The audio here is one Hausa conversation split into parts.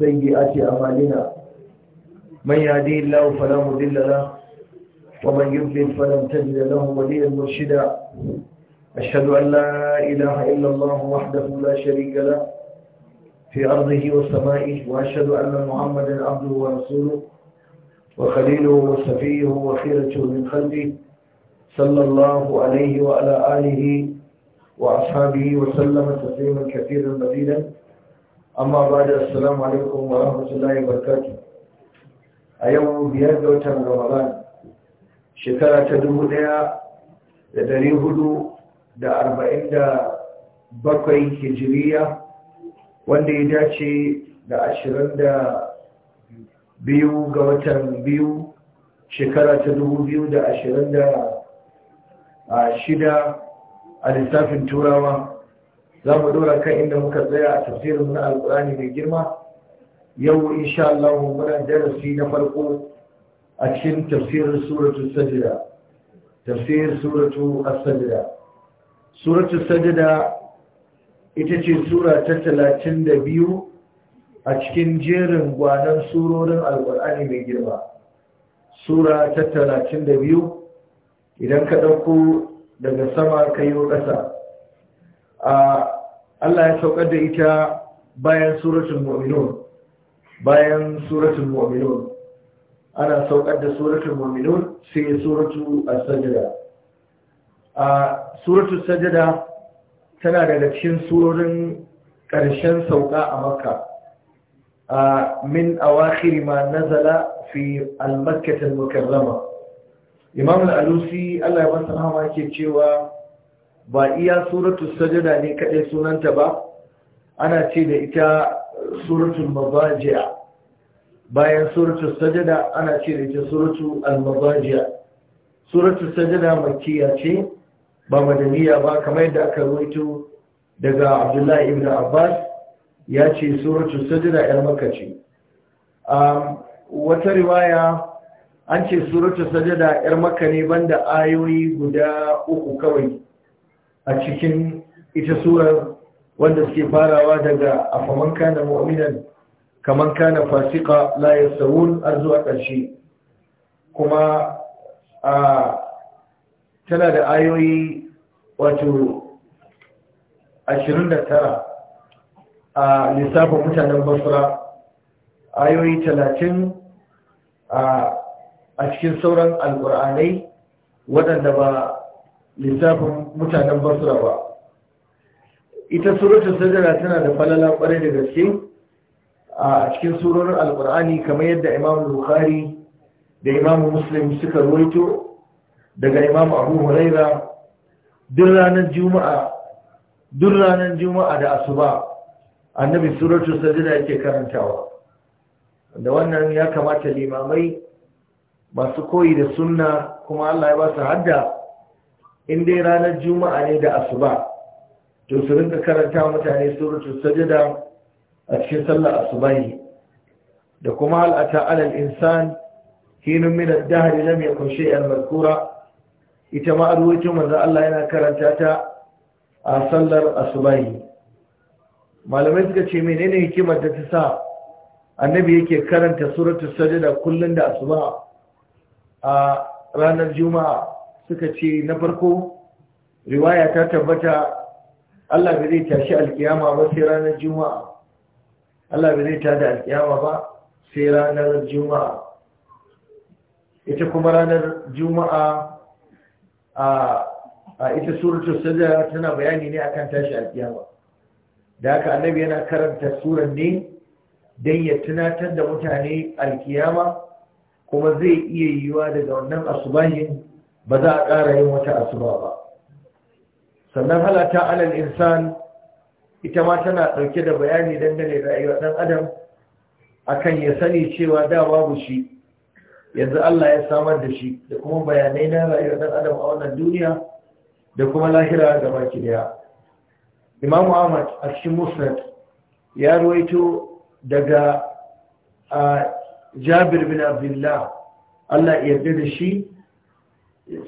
سيئات أعمالنا من يهدي الله فلا مضل له ومن يضلل فلن تجد له وليا مرشدا أشهد أن لا إله إلا الله وحده لا شريك له في أرضه وسمائه وأشهد أن محمدا عبده ورسوله وخليله وصفيه وخيرته من خلقه صلى الله عليه وعلى آله وأصحابه وسلم تسليما كثيرا مزيدا amma ba da assalamu alaikum wa rahmatullahi barkatu a yau biyar ga watan ramadan shekara ta dubu daya da dari hudu da arba'in da bakwai hijiriya wanda ya dace da ashirin da biyu ga watan biyu shekara ta dubu biyu da ashirin da ah, shida a lissafin turawa za mu dora kan inda muka tsaya a tafsirin na alkurani mai girma yau insha Allah muna darasi na farko a cikin tafsirin suratu sajida tafsir suratu as sajida suratu sajida ita ce sura ta 32 a cikin jerin gwanan surorin alkurani mai girma sura ta 32 idan ka ɗauko daga sama ka wa ƙasa a Allah ya saukar da ita bayan suratul mu'minun bayan suratul mu'minun ana saukar da suratul mu'minun sai suratu as-sajda a suratul sajda tana daga cikin surorin ƙarshen sauka a makka a min awakhir ma nazala fi al-makkah al-mukarrama imam al-alusi Allah ya masa rahama yake cewa ba iya suratul sajada ne kaɗai sunanta ba ana ce da ita suratul mazajiya bayan suratul sajada ana ce da ita suratul al-mazajiya suratul sajada makiya ce ba madaniya ba kamar yadda aka ruwaito daga abdullahi ibn abbas ya ce suratul sajada yar maka ce wata riwaya an ce suratul sajada yar maka ne banda ayoyi guda uku kawai a cikin ita surar wanda suke farawa daga afaman kana mu'minan kaman kana fasika la yasawun har zuwa ƙarshe kuma a tana da ayoyi wato 29 a lissafin mutanen basra ayoyi 30 a cikin sauran alƙur'anai waɗanda ba littafin mutanen basura ba ita suratun sajada tana da falala kwarai da gaske a cikin surorin alkur'ani kamar yadda imam bukhari da imam muslim suka ruwaito daga imam abu huraira duk ranar juma'a da asuba annabi suratun sajada yake karantawa da wannan ya kamata limamai masu koyi da sunna kuma Allah ya ba su hadda in dai ranar juma'a ne da asuba to su rinka karanta mutane suratul sajada a cikin sallar asubahi da kuma al'ata alal insan hinun min ad-dahr lam yakun shay'an mazkura ita ma arwajin manzo Allah yana karanta ta a sallar asubahi malamai suka ce menene hikimar da ta sa annabi yake karanta suratul sajada kullun da asuba a ranar juma'a suka ce na farko riwaya ta tabbata Allah bai zai tashi alkiyama ba sai ranar juma'a Allah bai zai tada alkiyama ba sai ranar juma'a ita kuma ranar juma'a a ita suratul sajda tana bayani ne akan tashi alkiyama da haka annabi yana karanta surar ne don ya tunatar da mutane alkiyama kuma zai iya yiwuwa daga wannan asubahin ba za a ƙara yin wata asuba ba sannan halata alal insan ita ma tana ɗauke da bayani dangane rayuwar ɗan adam akan ya sani cewa da babu shi yanzu Allah ya samar da shi da kuma bayanai na rayuwar ɗan adam a wannan duniya da kuma lahira ga baki daya imamu ahmad a cikin musnad ya ruwaito daga a jabir bin abdullah Allah ya yarda da shi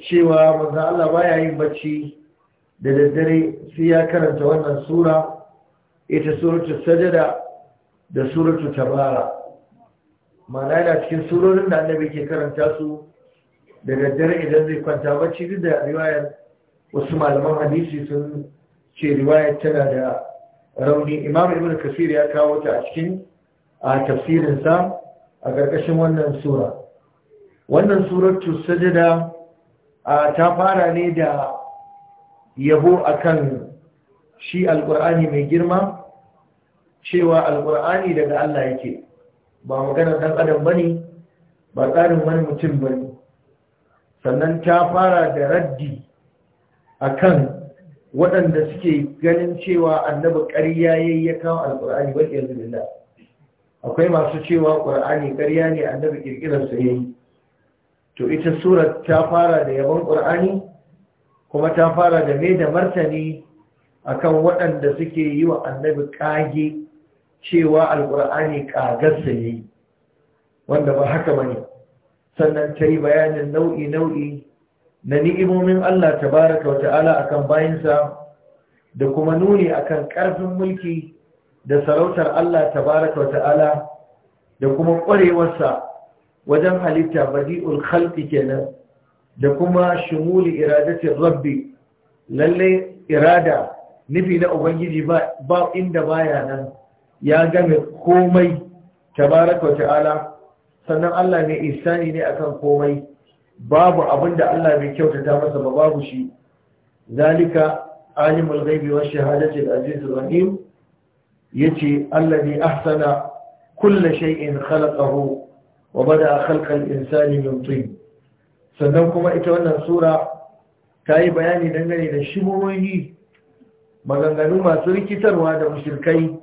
cewa manzan Allah baya yin bacci da daddare sai ya karanta wannan sura ita suratu sajada da suratu tabara mana yana cikin surorin da annabi ke karanta su da daddare idan zai kwanta bacci duk da riwayar wasu malaman hadisi sun ce riwayar tana da rauni imam ibn kasir ya kawo ta a cikin a tafsirinsa a ƙarƙashin wannan sura wannan suratu sajada ta fara ne da yabo akan shi alkur'ani mai girma cewa alkur'ani daga Allah yake ba magana dan adam bane ba tsarin wani mutum bane sannan ta fara da raddi akan waɗanda suke ganin cewa annabi ƙarya yayi ya kawo alkur'ani wal yanzu akwai masu cewa ƙur'ani ƙarya ne annabi kirkirar sa yayi to ita surat ta fara da yabon ƙur'ani kuma ta fara da mai da martani akan waɗanda suke yi wa annabi ƙage cewa alƙur'ani ƙagarsa ne wanda ba haka ba ne sannan ta yi bayanin nau'i-nau'i na ni'imomin Allah tabaraka wata'ala akan bayansa da kuma nuni akan ƙarfin mulki da sarautar Allah tabaraka wata'ala da kuma ƙwarewarsa wajen halitta badi'ul khalqi kenan da kuma shumuli iradatin rabbi lalle irada nufi na ubangiji ba inda baya nan ya game komai tabaraka ta'ala sannan Allah ne isani ne akan komai babu abinda Allah bai kyautata masa ba babu shi zalika alimul ghaibi wash shahadati al-azizur rahim yace allazi ahsana kull shay'in khalaqahu Wa وبدأ خلق halkar min طين sannan kuma ita wannan sura ta yi bayani dangane da shimoyi maganganu masu rikitarwa da mushirkai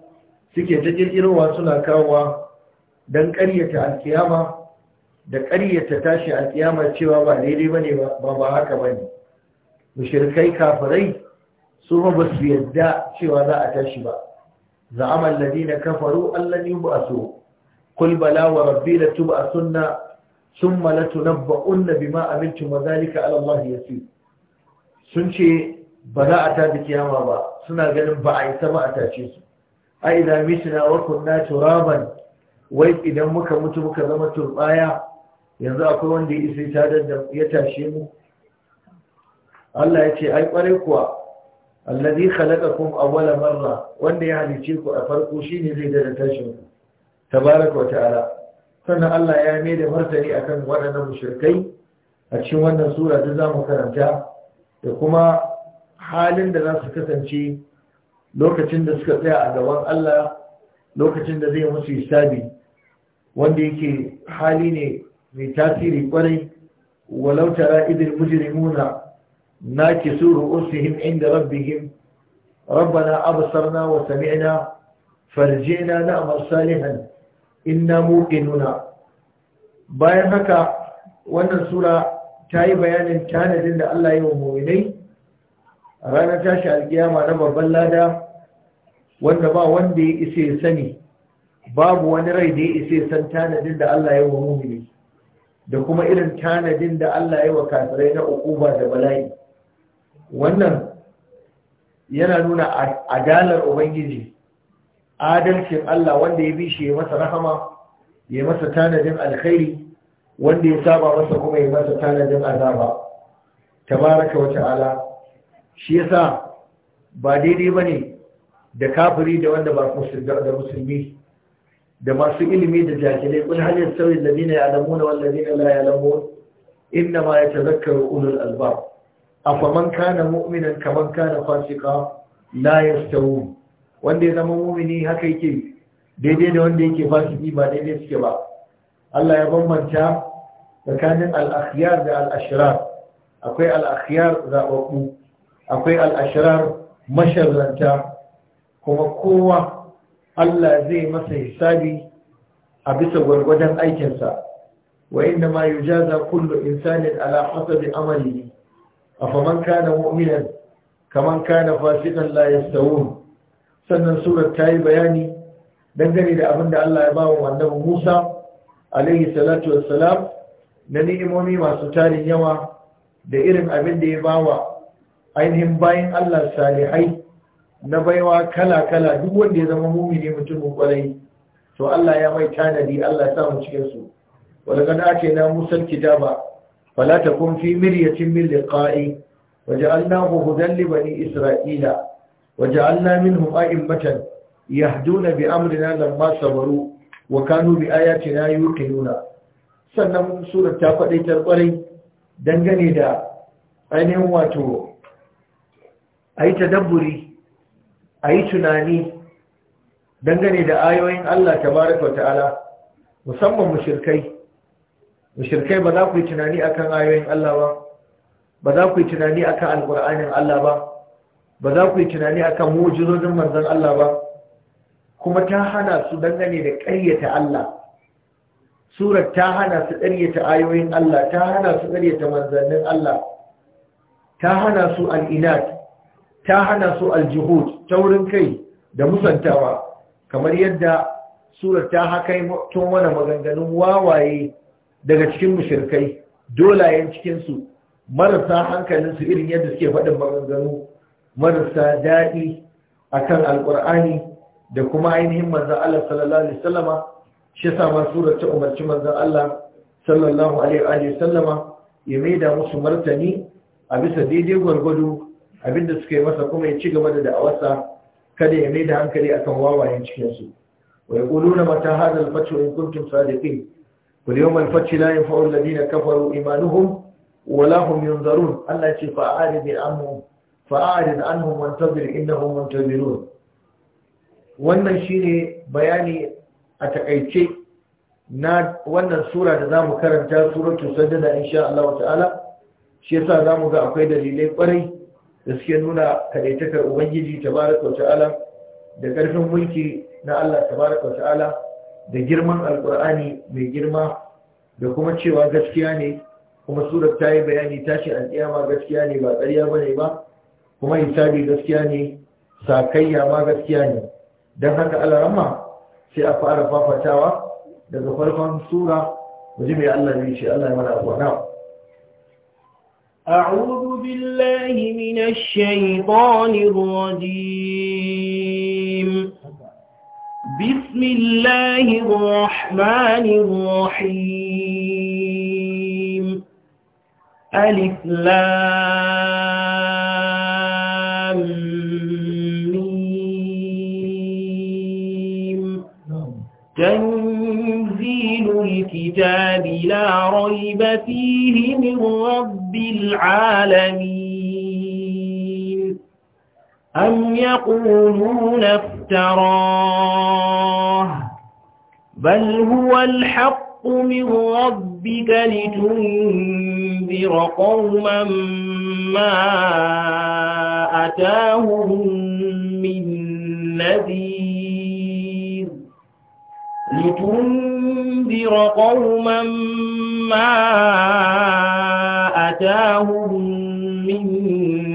suke ta kirkirowa suna kawowa don ƙaryata alkiyama da ƙaryata tashi alkiyama cewa ba daidai ba ne ba ba haka ba ne mushirkai kafirai su ba su yadda cewa za a tashi ba za'amal ladina kafaru allan yubu Kul قل بلى وربي لتبعثن ثم لتنبؤن بما عملتم وذلك على الله يسير sun ce ba za a tafi kiyama ba suna ganin ba a yi sama a tace su a idan mishina wa kunna turaban wai idan muka mutu muka zama turbaya yanzu akwai wanda ya isa tadar da ya tashe mu Allah ya ce ai kware kuwa allazi khalaqakum awwala marra wanda ya halice ku a farko shine zai dada tashin mu. tabaraka wa ta'ala sannan Allah ya mai da martani akan waɗannan mushrikai a cikin wannan sura da zamu karanta da kuma halin da za su kasance lokacin da suka tsaya a gaban Allah lokacin da zai musu hisabi wanda yake hali ne mai tasiri kwarai walau tara idil mujrimuna nakisu ru'usihim inda rabbihim rabbana absarna wa sami'na farjina na'mal salihan inna muqinuna bayan haka wannan sura ta yi bayanin tanadin da Allah ya wa mu'minai a ranar tashi alkiyama na babban lada wanda ba wanda ya isa ya sani babu wani rai da ya isa ya san tanadin da Allah ya wa Muminai, da kuma irin tanadin da Allah ya wa kafirai na ukuba da bala'i wannan yana nuna adalar ubangiji adalcin Allah wanda ya bi shi ya masa rahama ya masa tanadin alkhairi wanda ya saba masa kuma ya masa tanadin azaba tabaraka wa ta'ala shi yasa ba daidai bane da kafiri da wanda ba da musulmi da masu ilimi da jahilai kun sauyin yasawi alladhina ya'lamuna wal ladina la ya'lamun inna ma yatadhakkaru ulul albab afaman kana mu'minan kaman kana fasika la yastawun wanda ya zama mumini haka yake daidai da wanda yake fasiki ba daidai suke ba Allah ya bambanta tsakanin al-akhyar da al-ashrar akwai al-akhyar akwai al-ashrar masharranta kuma kowa Allah zai masa hisabi a bisa gwargwadon aikinsa wa inda ma yujaza kullu insanin ala amali amalihi afaman kana mu'minan kaman kana fasikan la yastawun sannan surar ta yi bayani dangane da abin da Allah ya ba wa wannan Musa alaihi salatu wassalam na ni'imomi masu tarin yawa da irin abin da ya ba wa ainihin bayan Allah salihai na baiwa kala-kala duk wanda ya zama ne mutumin kwarai to Allah ya mai tanadi Allah ya samu cikin su ake na musal kitaba fala takun fi miryatin min liqa'i waja'alnahu hudan li bani isra'ila وجعلنا منهم أئمة يهدون بأمرنا لما صبروا وكانوا بآياتنا يوقنون sannan surar ta faɗaitar ƙwarai dangane da ainihin wato a yi tadabburi a yi tunani dangane da ayoyin Allah tabaraka ta'ala musamman mushirkai mushirkai ba za ku yi tunani akan ayoyin Allah ba ba za ku yi tunani akan alƙur'anin Allah ba ba za ku yi tunani a kan mujizozin Manzan Allah ba kuma ta hana su dangane da ƙaryata Allah Surat ta hana su ƙaryata ayoyin Allah ta hana su ƙaryata manzannin Allah ta hana su al'inat ta hana su aljihud wurin kai da musantawa kamar yadda surat ta haka tun wani maganganun wawaye daga cikin mushirkai dolayen cikinsu marasa hankalinsu irin yadda suke faɗin maganganu marasa daɗi akan alƙur'ani da kuma ainihin manzan Allah sallallahu alaihi wasallama shi yasa ma surar ta umarci manzan Allah sallallahu alaihi wasallama ya maida musu martani a bisa daidai gwargwado abinda suka yi masa kuma ya ci gaba da da'awarsa kada ya maida hankali akan wawayen cikinsu wa yaquluna mata hadha al-fathu in kuntum sadiqin wal yawm al-fath la yanfa'u alladhina kafaru imanuhum wa lahum yunzarun Allah ya ce fa'arid anhum fa'arid anhum wantazir innahum muntabirun wannan shine bayani a takaice na wannan sura da zamu karanta suratul sajda insha Allah ta'ala shi yasa mu ga akwai dalilai kwarai da suke nuna kadaitakar ubangiji tabaraka ta'ala da karfin mulki na Allah tabaraka ta'ala da girman alqur'ani mai girma da kuma cewa gaskiya ne kuma surar ta yi bayani tashi alƙiyama gaskiya ne ba ƙarya bane ba kuma hisabi gaskiya ne sakayya ma gaskiya ne don haka alarama sai a fara fafatawa daga farkon sura waje mai Allah ne ce Allah ya mana abuwa na أعوذ بالله من الشيطان الرجيم بسم الله الرحمن الرحيم ألف لام الكتاب لا ريب فيه من رب العالمين أم يقولون افتراه بل هو الحق من ربك لتنذر قوما ما أتاهم من نذير لتنذر تنذر قوما ما أتاهم من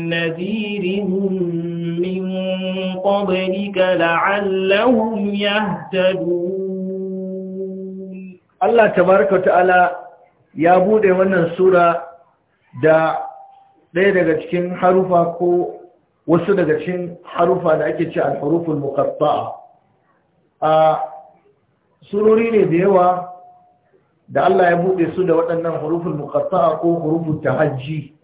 نذير من قبلك لعلهم يهتدون الله تبارك وتعالى يا بودي wannan sura da ɗaya daga cikin harufa ko wasu daga cikin harufa da ake ce al-huruful a surori ne da yawa da Allah ya buɗe su da waɗannan hurufin muqatta'a ko hurufin tahajji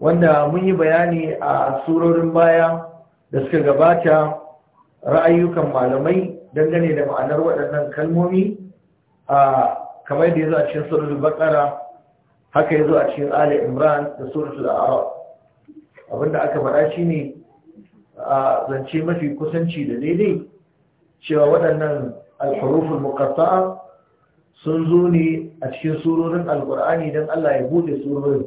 wanda mun yi bayani a surorin baya da suka gabata ra'ayyukan malamai dangane da ma'anar waɗannan kalmomi a kamar da ya zo a cikin surorin baqara haka ya zo a cikin ali imran da suratul a'raf abinda aka faɗa shine a zance mafi kusanci da daidai cewa waɗannan sun zo ne a cikin أشين سورور القرآن Allah ya buɗe سورور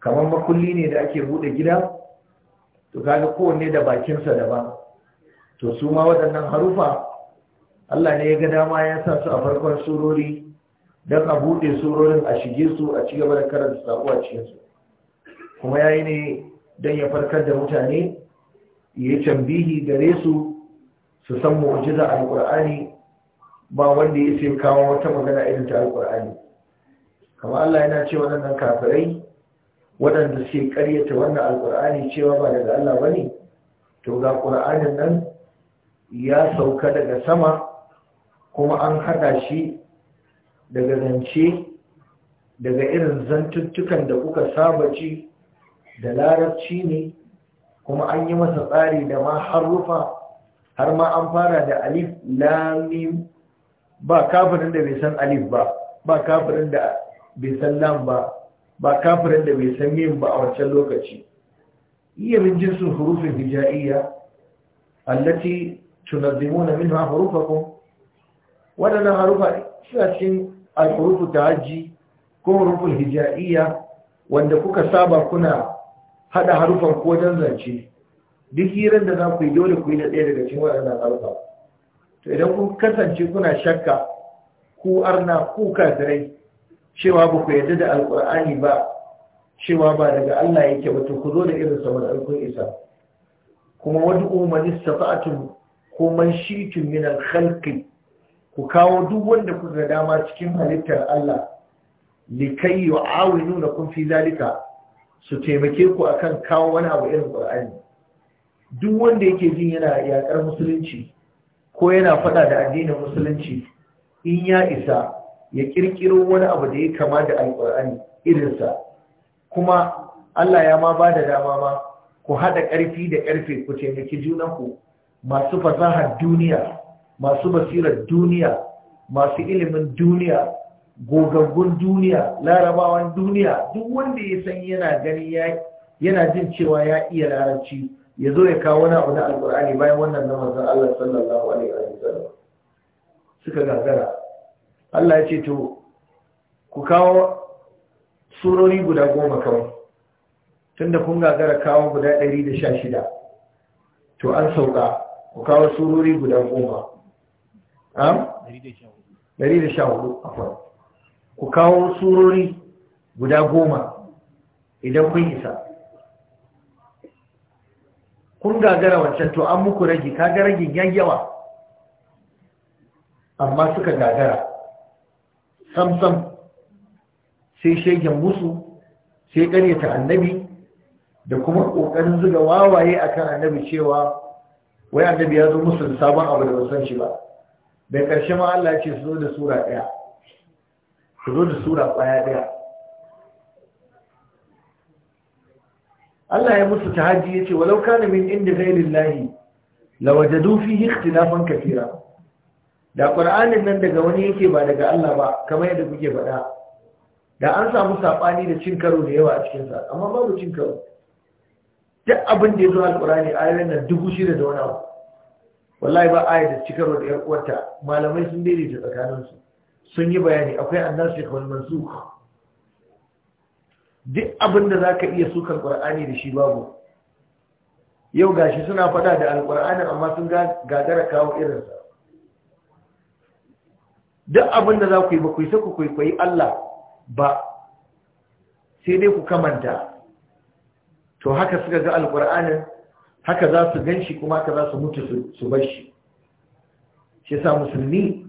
kamar makulli ne da ake buɗe gida to kaga kowanne da bakinsa da ba to su ma waɗannan harufa Allah ne ya ga dama ya sa su a farkon surori don a bude surorin a shige su a ci gaba da karanta sako a cikinsu. su kuma yayi ne don ya farkar da mutane ya tambihi gare su su san mu'jiza alqur'ani ba wanda ya sayi kawo wata magana irin ta alqur'ani kamar Allah yana cewa nan kafirai waɗanda suke ƙaryata wannan alƙur'ani cewa ba daga Allah ba ne to ga ƙur'anin nan ya sauka daga sama kuma an haɗa shi daga zance daga irin zantuttukan da kuka saba ci da larabci ne kuma an yi masa tsari da ma harufa har ma an fara da alif lamim ba kafirin da bai san alif ba ba kafirin da bai san lam ba ba kafirin da bai san mim ba a wancan lokaci iya min jinsu hurufin hija'iyya allati tunazzimuna minha hurufakum wadannan harufa suna cikin alhurufu ta haji ko huruful hija'iyya wanda kuka saba kuna hada harufan ko dan zance duk hirar da za ku yi dole ku yi na ɗaya daga cikin waɗannan alfa to idan kun kasance kuna shakka ku arna ku kafirai cewa ba ku yarda da alƙur'ani ba cewa ba daga Allah yake ba to ku zo da irin sa alkun isa kuma wani umarni safa'atun ko man shitun min alkhalqi ku kawo duk wanda kuka dama cikin halittar Allah likai yu'awinu lakum fi zalika su taimake ku akan kawo wani abu irin qur'ani duk wanda yake jin yana yaƙar musulunci ko yana faɗa da addinin musulunci in ya isa ya ƙirƙiro wani abu da ya kama da alkur'ani irinsa kuma Allah ya ma ba da dama ma ku haɗa ƙarfi da ƙarfe ku taimaki ku. masu fasahar duniya masu basirar duniya masu ilimin duniya gogaggun duniya larabawan duniya duk wanda ya san yana gani yana jin cewa ya iya larabci ya zo ya kawo wani abu na alƙur'ani bayan wannan na manzon Allah sallallahu alaihi wa sallam suka gagara Allah ya ce to ku kawo surori guda goma kawai tunda kun gagara kawo guda ɗari da sha shida to an sauka ku kawo surori guda goma am? ɗari da sha hudu akwai ku kawo surori guda goma idan kun isa kun gagara wancan to an muku ragi kaga ragin yayyawa amma suka gagara samsam sai shegen musu sai ƙaryata annabi da kuma ƙoƙarin zuga wawaye akan annabi cewa wai annabi ya zo musu da sabon abu da wasan shi ba da ƙarshe ma Allah ce su zo da sura ɗaya su zo da sura ɗaya ɗaya Allah ya musu tahajji yace walau kana min inda ghairillahi lawajadu fihi ikhtilafan katira da qur'anin nan daga wani yake ba daga Allah ba kamar yadda kuke faɗa da an samu sabani da cin karo da yawa a cikin sa amma babu cin karo duk abin da yazo alqur'ani ayoyin nan dubu shida da wani wallahi ba aya da cin karo da yar uwarta malamai sun daidaita tsakaninsu sun yi bayani akwai annasi wal mansukh duk abin da za ka iya sukar ƙwar'ani da shi babu yau gashi suna fada da alƙwar'anin amma sun gagara kawo irinsa duk abin da za ku yi ba ku yi ku kwaikwayi Allah ba sai dai ku kamanta to haka suka ga alƙwar'anin haka za su gan shi kuma haka za su mutu su bar shi shi sa musulmi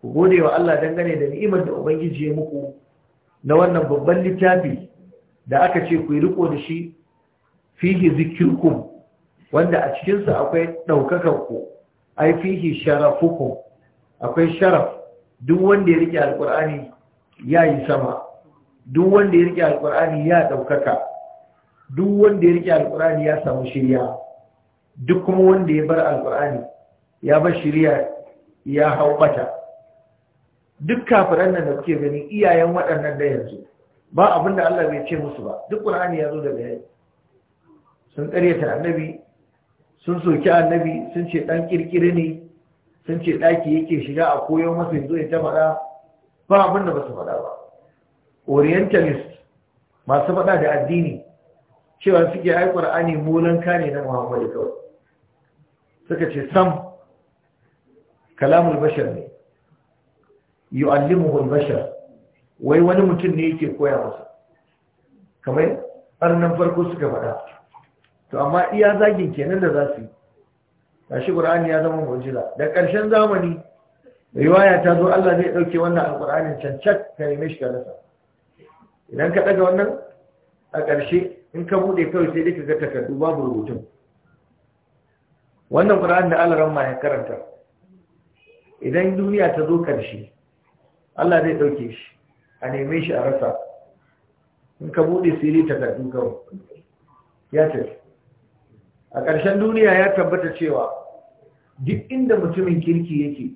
ku gode wa Allah dangane da ni'imar da Ubangiji ya muku na wannan babban littafi da aka ce ku yi riko da shi fihi zikirkum wanda a cikinsa akwai ɗaukakanku ai fihi sharafukum akwai sharaf duk wanda ya rike Alƙur'ani ya yi sama duk wanda ya rike Alƙur'ani ya ɗaukaka duk wanda ya rike Alƙur'ani ya samu shirya duk kuma wanda ya bar alkur'ani ya bar shirya ya hau bata duk kafiran nan da kuke gani iyayen waɗannan da yanzu ba abin da Allah bai ce musu ba duk ƙur'ani ya zo da bayani sun ta annabi sun soki annabi sun ce dan kirkire ne sun ce daki yake shiga a koyo masa yanzu ya ta faɗa ba abin da ba su faɗa ba orientalist masu faɗa da addini cewa suke ai Qur'ani molanka ne na Muhammadu kawai suka ce sam kalamul bashar ne yu'allimuhu al-bashar wai wani mutum ne yake koya masa kamar ɓarnan farko suka faɗa to amma iya zagin kenan da za su yi shi ƙur'ani ya zama mujila da ƙarshen zamani riwaya ta zo Allah zai ɗauke wannan alƙur'anin can-can ka yi shi ka nasa idan ka ɗaga wannan a ƙarshe in ka buɗe kawai sai dai ka ga takardu babu rubutun wannan ƙur'ani da Allah ramma ya karanta idan duniya ta zo ƙarshe Allah zai ɗauke shi a neme shi a rasa in ka buɗe siri takardu kawai ya ce a ƙarshen duniya ya tabbata cewa duk inda mutumin kirki yake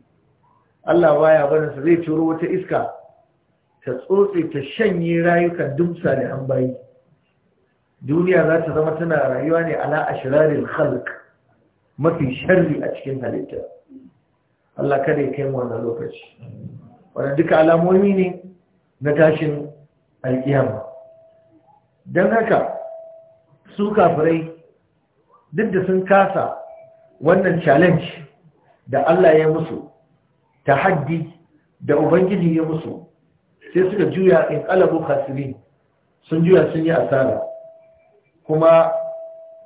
Allah baya barinsa zai turo wata iska ta tsotse ta shanye rayukan dumsa da an bayi duniya za ta zama tana rayuwa ne ala ashirarin halk mafi sharri a cikin halitta Allah kada ya kai mu wannan lokaci wannan duka alamomi ne na tashin alkiyama don haka su kafirai duk da sun kasa wannan challenge da Allah ya musu ta haddi da Ubangiji ya musu sai suka juya in ƙalabu khasiri sun juya sun yi asara kuma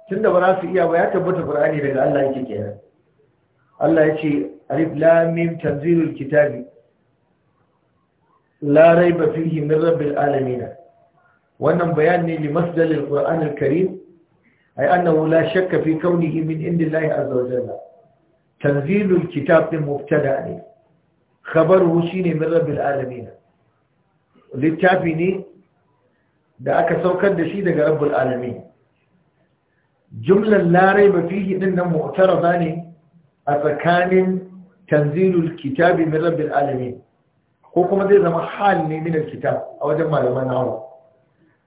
tun da ba su iya ba ya tabbata ƙur'ani daga Allah yake kenan Allah ya ce arif lamim tanzilul kitabi Larai raiba fihi min rabin alamina. wannan bayan ne li dalil qur'an al-karim ay annahu la shakka fi kaunihi min inda azza wa jalla tanzilul kitab min mubtada ne shi ne min rabin alamina. littafi ne da aka saukar da shi daga rabbul alamin jumlan larai raiba fihi din nan mu'tarada ne a tsakanin tanzilul kitabin min rabbil alamin ko kuma zai zama hal ne min alkitab a wajen malaman nawa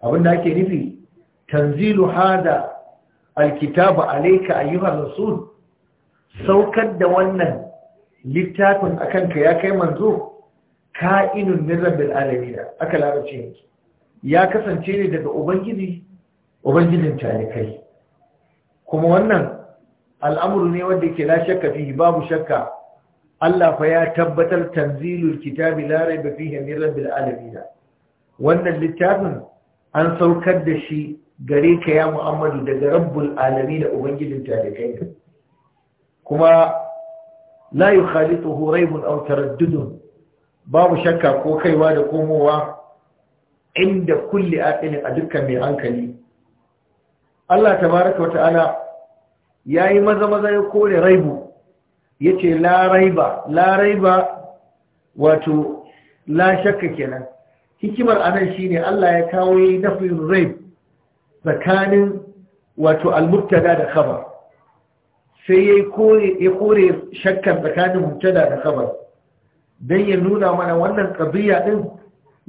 abinda ake nufi tanzilu hada alkitabu alayka ayyuhar rasul saukar da wannan littafin akan ka ya kai manzo ka'inun min rabbil alamin aka lalace ya kasance ne daga ubangiji ubangijin talikai kuma wannan al'amuru ne wanda yake la shakka fi babu shakka Allah fa ya tabbatar tanzilul kitabi la raiba fihi min rabbil alamin wannan littafin an saukar da shi gare ka ya Muhammadu daga rabbul alamin ubangijin talikai kuma la yukhalituhu raibun aw taraddudun babu shakka ko kaiwa da komowa inda kulli aqilin a dukkan mai hankali Allah tabaraka wa ta'ala yayi maza maza ya kore raibu yace la raiba la raiba wato la shakka kenan hikimar anan shine Allah ya kawo nafin raib tsakanin wato al-mubtada da khabar sai ya kore ya kore shakkan tsakanin mubtada da khabar dan ya nuna mana wannan qadiya din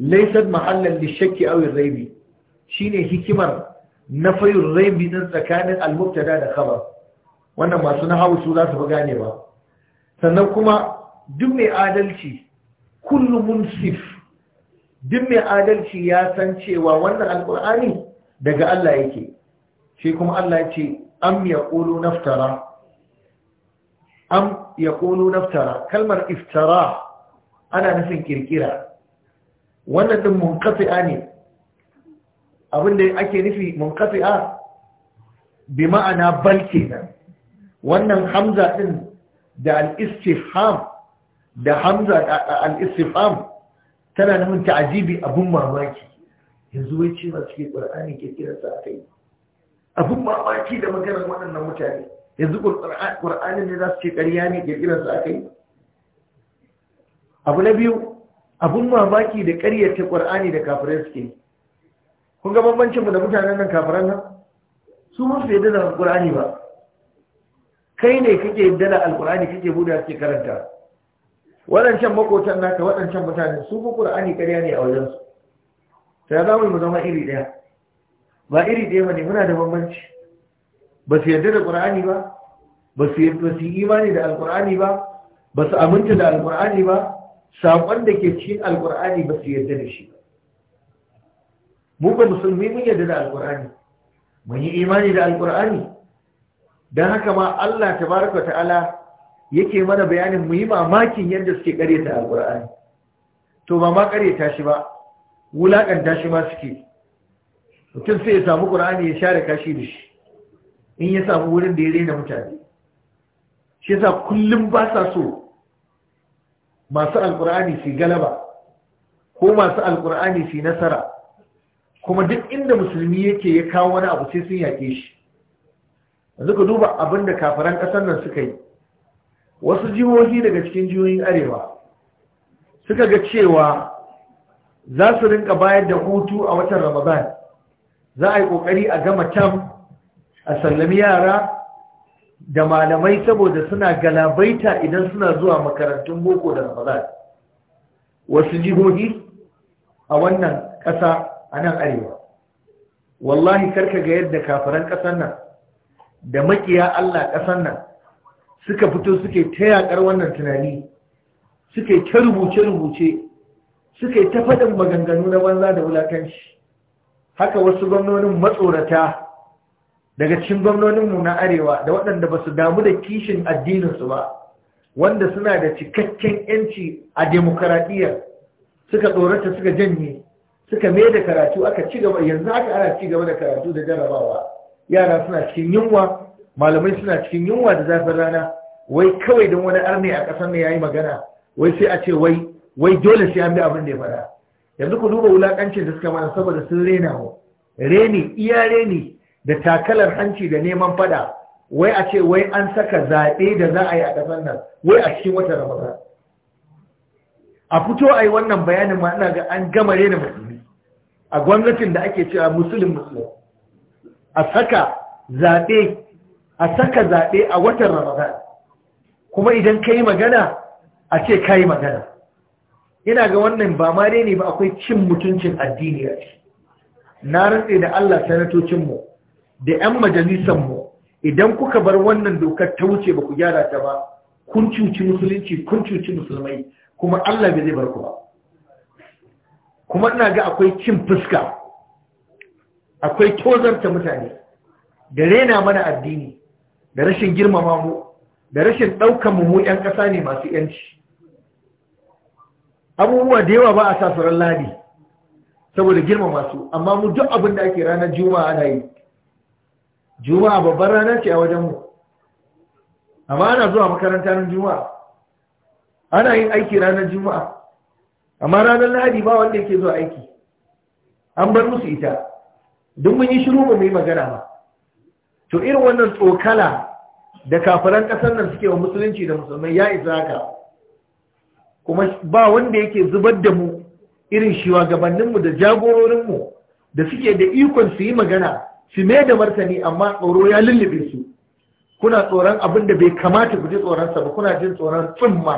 laysat mahallan lishakki aw ar-raib shine hikimar nafiyur raibi din tsakanin al-mubtada da khabar wannan masu nahawu su za su gane ba sannan kuma duk mai adalci kullu munsif duk mai adalci ya san cewa wannan alkur'ani daga Allah yake shi kuma Allah ce am yaqulu naftara am yaqulu naftara kalmar iftara ana nufin kirkira wannan din munqati'a ne abinda ake nufi munqati'a bi ma'ana bal kenan wannan hamza din da al’istifam da hamza al-istifham tana nufin ta'ajibi abin mamaki yanzu wai ce masu ke ƙur'ani ke kira sa aka yi Abin mamaki da maganar waɗannan mutane yanzu ƙur'ani ne za su ce ƙarya ne ke kira sa aka yi abu na biyu abin mamaki da ƙaryata ƙur'ani da kafirai suke yi kun ga bambancinmu da mutanen nan kafiran nan su ma su yadda da ƙur'ani ba kai ne kake dala alkur'ani kake buɗe kake karanta waɗancan makotan naka waɗancan mutane su fi ƙur'ani ƙarya ne a wajensu sai za mu zama iri ɗaya ba iri ɗaya ba ne muna da bambanci ba su yarda da ƙur'ani ba ba su yi imani da alƙur'ani ba ba su aminta da alƙur'ani ba saƙon da ke cikin alƙur'ani ba su yarda da shi mu ba musulmi mun yarda da alƙur'ani mun yi imani da alƙur'ani don haka ma Allah tabaraka ta'ala yake mana bayanin mu yi mamakin yadda suke karyata alqur'ani to ba ma karyata shi ba wulaƙanta shi ma suke mutum sai ya samu qur'ani ya share kashi da shi in ya samu wurin da ya rena mutane shi yasa kullum ba sa so masu alqur'ani su galaba ko masu Alƙur'ani su nasara kuma duk inda musulmi yake ya kawo wani abu sai sun yaƙe shi yanzu ka duba abin da kafaran ƙasar nan suka yi wasu jihohi daga cikin jihohin arewa suka ga cewa za su rinka bayar da hutu a watan ramadan za a yi ƙoƙari a gama tam a sallami yara da malamai saboda suna galabaita idan suna zuwa makarantun boko da ramadan wasu jihohi a wannan ƙasa a nan arewa wallahi karka ga yadda kafaran ƙasar nan da makiya Allah ƙasar nan suka fito suke ta yaƙar wannan tunani suke ta rubuce-rubuce suke ta faɗin maganganu na banza da wulatanci, haka wasu gwamnonin matsorata daga cikin gwamnoninmu na arewa da waɗanda ba su damu da kishin addininsu ba wanda suna da cikakken yanci a demokaradiyyar suka tsorata suka janye suka mai da karatu aka ci gaba yanzu aka ana ci gaba da karatu da jarabawa yara suna cikin yunwa malamai suna cikin yunwa da zafin rana wai kawai don wani arne a ƙasar ne ya yi magana wai sai a ce wai wai dole sai an bi abin da ya faɗa yanzu ku duba wulaƙancin da suka mana saboda sun rena mu reni iya reni da takalar hanci da neman faɗa wai a ce wai an saka zaɓe da za a yi a ƙasar nan wai a cikin wata ramadan a fito a yi wannan bayanin ma ina ga an gama rena musulmi a gwamnatin da ake cewa musulun musulun a saka zaɓe a watan ramadan kuma idan ka yi magana a ce ka yi magana ina ga wannan ba ma dai ne ba akwai cin mutuncin addini a ce na rantse da allah sanatocinmu da 'yan majalisanmu idan kuka bar wannan dokar ta wuce ba ku gyara ta ba kun cuci musulunci kun cuci musulmai kuma allah bai zai bar ku ba kuma ina ga akwai cin fuska akwai tozarta mutane da rena mana addini da rashin girmama mu da rashin ɗaukan mu ƴan ƙasa ne masu ƴanci. abubuwa da yawa ba a sasuran ladi saboda girmama su amma mu duk abin da ake ranar juma'a ana yi juma'a babbar rana ce a wajenmu amma ana zuwa makaranta na juma'a ana yin aiki ranar juma'a amma ranar ladi ba wanda yake zuwa aiki an bar musu ita duk mun yi shiru ba mu yi magana ba to irin wannan tsokala da kafiran ƙasar nan suke wa musulunci da musulmai ya isa haka kuma ba wanda yake zubar da mu irin shiwagabanninmu da jagororinmu da suke da ikon su yi magana su mai da martani amma tsoro ya lullube su kuna tsoron abin da bai kamata ku ji tsoronsa ba kuna jin tsoron tsumma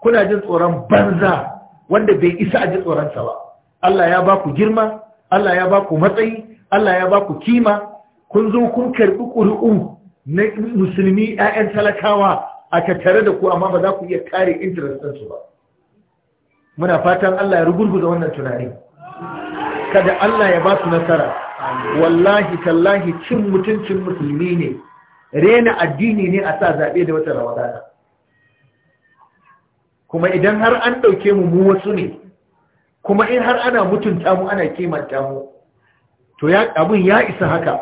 kuna jin tsoron banza wanda bai isa a ji tsoronsa ba Allah ya ba ku girma Allah ya ba ku matsayi Allah ya ba ku kima kun zo kun karɓi ƙuri'u na musulmi 'ya'yan talakawa a tattare da ku amma ba za ku iya kare interest ba muna fatan Allah ya rugurguza wannan tunani kada Allah ya ba su nasara wallahi tallahi cin mutuncin musulmi ne rena addini ne a sa zaɓe da wata ramadana kuma idan har an ɗauke mu mu wasu ne kuma in har ana mutunta mu ana kimanta mu to ya ya isa haka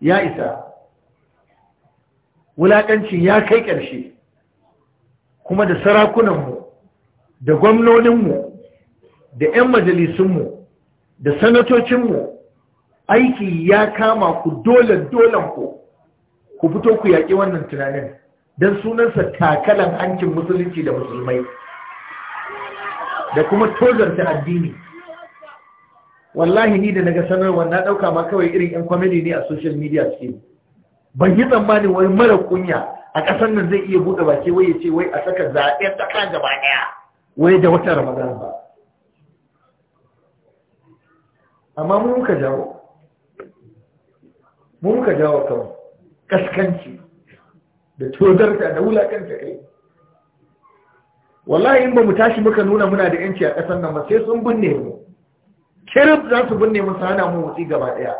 ya isa wulaƙancin ya kai ƙarshe kuma da sarakunanmu da gwamnoninmu da 'yan majalisunmu da sanatocinmu aiki ya kama ku dole dolen ku ku fito ku yaƙi wannan tunanin don sunansa takalan hankin musulunci da musulmai da kuma tozarta addini wallahi ni da naga sanarwar na dauka ma kawai irin yan comedy ne a social media ce ban yi tsammanin wai mara kunya a kasar nan zai iya bude baki wai ya ce wai a saka zaɓe tsaka gaba ɗaya wai da wata ramadan ba amma mun ka jawo Mun ka jawo kawai kaskanci da tozarta da wulakanta kai wallahi in ba mu tashi muka nuna muna da yanci a ƙasar nan ba sai sun binne mu kirib za su binne mu sana mu mutsi gaba daya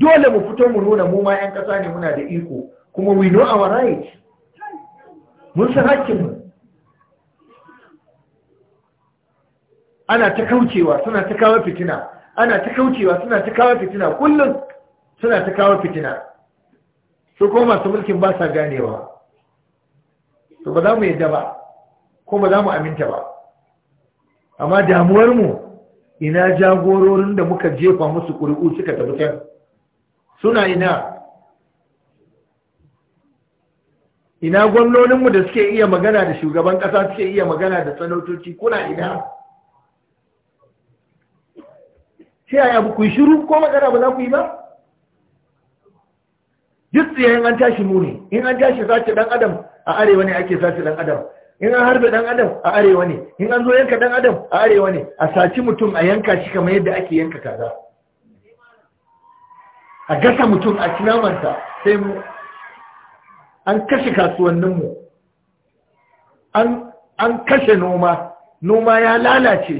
dole mu fito mu nuna mu ma yan kasa ne muna da iko kuma we know our right mun san hakkin mu ana ta kaucewa suna ta kawo fitina ana ta kaucewa suna ta kawo fitina kullum suna ta kawo fitina su kuma masu mulkin ba sa ganewa to ba za mu yadda ba ko ba za mu aminta ba amma damuwar mu. ina jagororin da muka jefa musu ƙuri'u suka tabbatar suna ina ina gwamnoninmu da suke iya magana da shugaban ƙasa suke iya magana da sanatoci kuna ina shi a yabu ku yi shiru ko magana ba za ku yi ba duk tsaye in an tashi muni in an tashi sace dan adam a arewa ne ake sace dan adam in an harbe dan adam a arewa ne in an zo yanka dan adam a arewa ne a saci mutum a yanka shi kamar yadda ake yanka kaza a gasa mutum a cinamansa sai mu an kashe kasuwanninmu an kashe noma noma ya lalace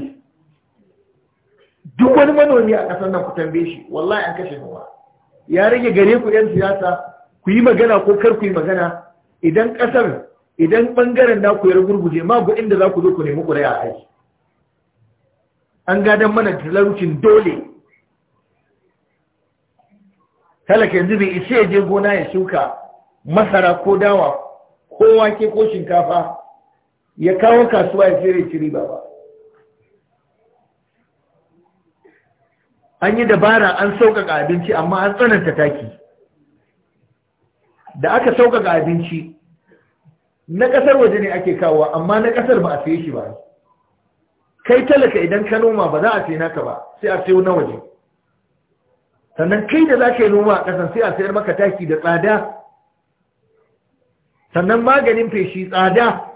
duk wani manomi a kasar nan ku tambaye shi wallahi an kashe noma ya rage gare ku 'yan siyasa ku yi magana ko kar ku yi magana idan ƙasar idan ɓangaren da ku ya rugurguje ma ku inda za ku zo ku nemi ƙuri'a a kai an gadon mana talarucin dole talaka yanzu bai isa ya je gona ya shuka masara ko dawa ko wake ko shinkafa ya kawo kasuwa ya fere ciri ba ba an yi dabara an sauƙaƙa abinci amma an tsananta taki da aka sauƙaƙa abinci na ƙasar waje ne ake kawo amma na ƙasar ba a siye shi ba kai talaka idan ka noma ba za a siye naka ba sai a siyo na waje sannan kai da za ka yi noma a ƙasan sai a sayar maka taki da tsada sannan maganin feshi tsada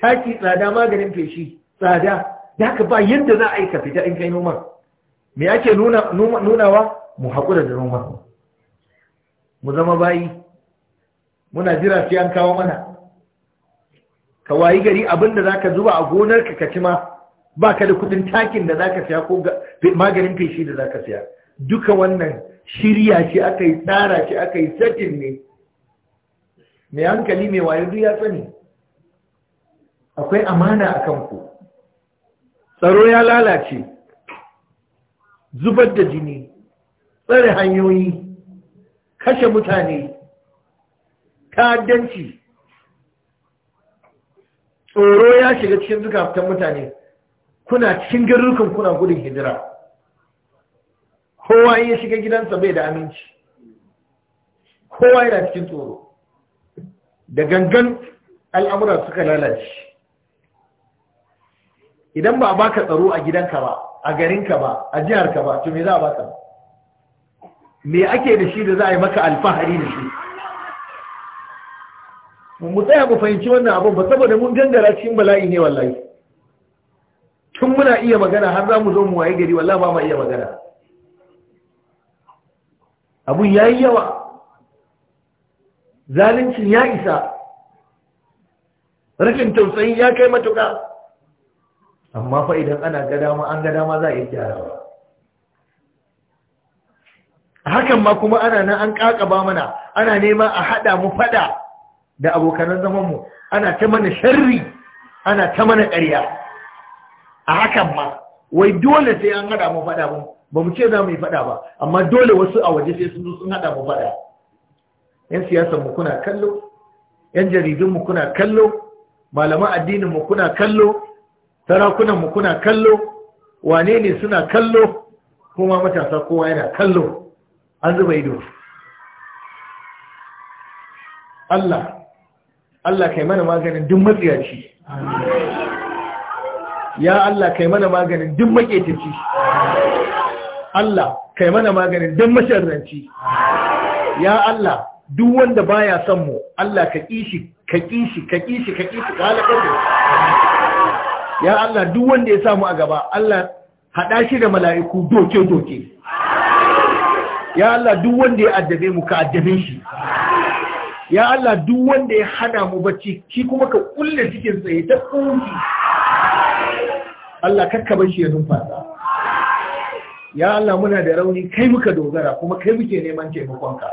taki tsada maganin feshi tsada da haka ba yadda za a yi ka fita in kai noma me ake nunawa mu haƙura da noma mu zama bayi muna jira sai an kawo mana ka wayi gari abin da ka zuba a gonarka ka kaci ma ka da kudin takin da zaka siya ko maganin feshi da zaka siya duka wannan shirya ce aka yi tsara ce aka yi setting ne mai hankali mai wayo duk ya sani akwai amana a kanku tsaro ya lalace zubar da jini tsare hanyoyi kashe mutane ta'addanci tsoro ya shiga cikin zukatan mutane kuna cikin garurukan kuna gudun hijira kowa ya shiga gidansa bai da aminci kowa yana cikin tsoro da gangan al'amura suka lalace idan ba a baka tsaro a gidanka ba a garinka ba a jiharka ba to me za a baka me ake da shi da za a yi maka alfahari da shi mu tsaya mu fahimci wannan abin ba saboda mun gangara cikin bala'i ne wallahi tun muna iya magana har za mu zo mu waye gari wallahi ba ma iya magana abun yayi yawa zalincin ya isa rashin tausayi ya kai matuƙa amma fa idan ana gada ma an gada ma za a yi gyarawa hakan ma kuma ana nan an ƙaƙaba mana ana nema a haɗa mu faɗa da abokanan mu ana ta mana sharri ana ta mana ƙarya a hakan ma wai dole sai an haɗa mu faɗa mun ba mu ce za mu yi faɗa ba amma dole wasu a waje sai sun zo sun haɗa mu faɗa yan siyasar mu kuna kallo yan jaridun mu kuna kallo malaman addinin mu kuna kallo sarakunan mu kuna kallo wane ne suna kallo kuma matasa kowa yana kallo an zuba ido Allah Allah kai mana maganin duk matsiyaci ya Allah kai mana maganin duk maƙetaci Allah kai mana maganin duk masharranci ya Allah duk wanda baya son mu Allah ka kishi ka kishi ka kishi ka kishi ka halakar da ya Allah duk wanda ya samu a gaba Allah hada shi da mala'iku doke doke ya Allah duk wanda ya addabe mu ka addabe shi ya Allah duk wanda ya hana mu bacci ki kuma ka kulle cikin tsaye ta tsunki Allah kakka ban shi ya numfasa ya Allah muna da rauni kai muka dogara kuma kai muke neman taimakonka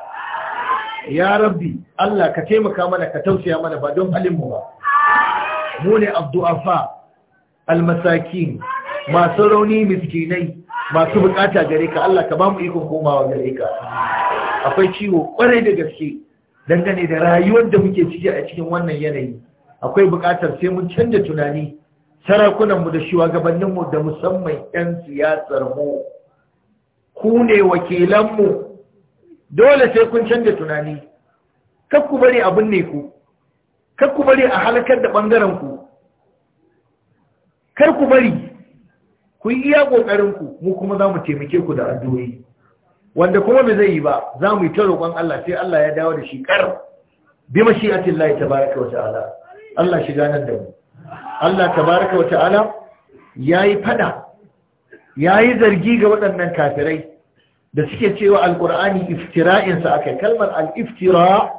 ya rabbi Allah ka taimaka mana ka tausaya mana ba don mu ba mu ne abdu'afa almasakin masu rauni miskinai masu bukata gare ka Allah ka ba mu ikon komawa gare ka akwai ciwo kwarai da gaske dangane da rayuwar da muke ciki a cikin wannan yanayi akwai buƙatar sai mun canja tunani sarakunanmu da shugabanninmu da musamman 'yan siyasarmu ku ne wakilanmu dole sai kun canja tunani kakku bari abin ne ku kakku bari a halakar da ɓangarenku kar ku bari ku yi iya ƙoƙarinku mu kuma za mu taimake ku da addu'o'i wanda kuma bai zai yi ba za mu yi ta roƙon Allah sai Allah ya dawo da shi kar bi mashi'atin Allah tabaraka wa ta'ala Allah shiga nan da mu Allah tabaraka wa ta'ala yayi fada yayi zargi ga waɗannan kafirai da suke cewa alqur'ani iftira'in sa akai kalmar al-iftira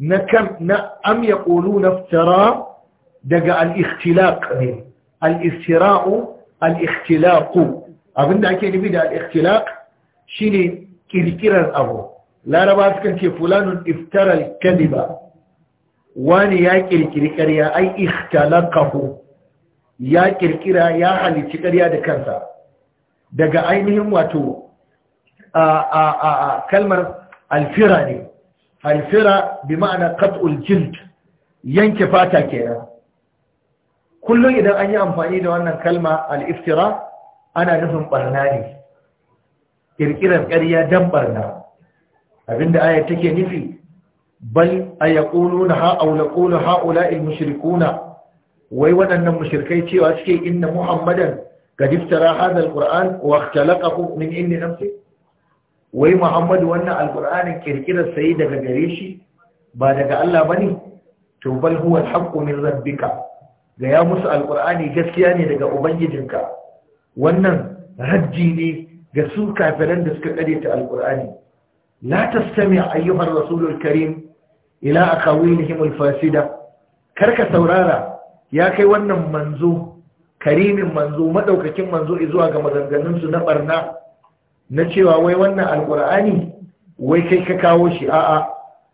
na na am yaquluna iftira daga al-ikhtilaq ne al-iftira'u al-ikhtilaq abinda ake nufi da al-ikhtilaq shine kirkirar abu laraba sukan ce fulanun iftarar kadiba wani ya kirkiri ƙarya ai ikhtalaqahu ya kirkira ya halici ƙarya da kansa daga ainihin wato a a a kalmar alfira ne alfira bi ma'ana qat'ul jild yanke fata kenan kullum idan an yi amfani da wannan kalma al-iftira ana nufin barna ne kirkirar ƙarya dan barna abinda aya take nufi bal ayaquluna ha aw laqulu haula al mushrikuna wai waɗannan shirikai cewa suke inna muhammadan قد افترى Alƙur'an, القرآن واختلقه من عند wai Muhammadu wannan alƙur'anin kirkirar sai daga gare shi ba daga Allah ba ne to bal huwa alhaqqu min rabbika ga ya musu alƙur'ani gaskiya ne daga ubangijinka wannan rajji ne ga su kafiran da suka kare ta alqur'ani la tastami ayyuhar rasulul karim ila aqawilihim alfasida karka saurara ya kai wannan manzo karimin manzo madaukakin manzo zuwa ga maganganun su na barna na cewa wai wannan alkur'ani wai kai ka kawo shi a'a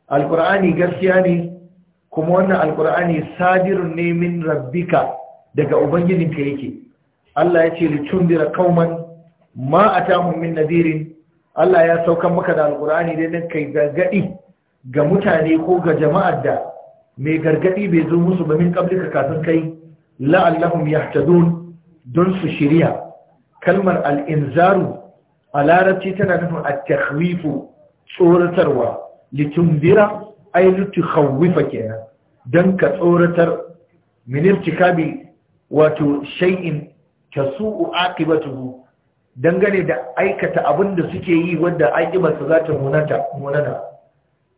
alkur'ani gaskiya ne kuma wannan alkur'ani sadirun ne min rabbika daga ubangijinka yake Allah ya ce litundira qauman ma atahum min nadhirin Allah ya saukan maka da alqur'ani dai dan kai gargadi ga mutane ko ga jama'ar da mai gargadi bai zo musu ba min kablika kafin kai la'allahum yahtadun don su shirya kalmar al-inzaru a larabci tana nufin at-takhwifu tsoratarwa litumbira ay litukhawwifa kenan dan ka tsoratar min irtikabi wato shay'in tasu'u aqibatuhu dangane da aikata abin da suke yi wadda aƙibarsa za ta munana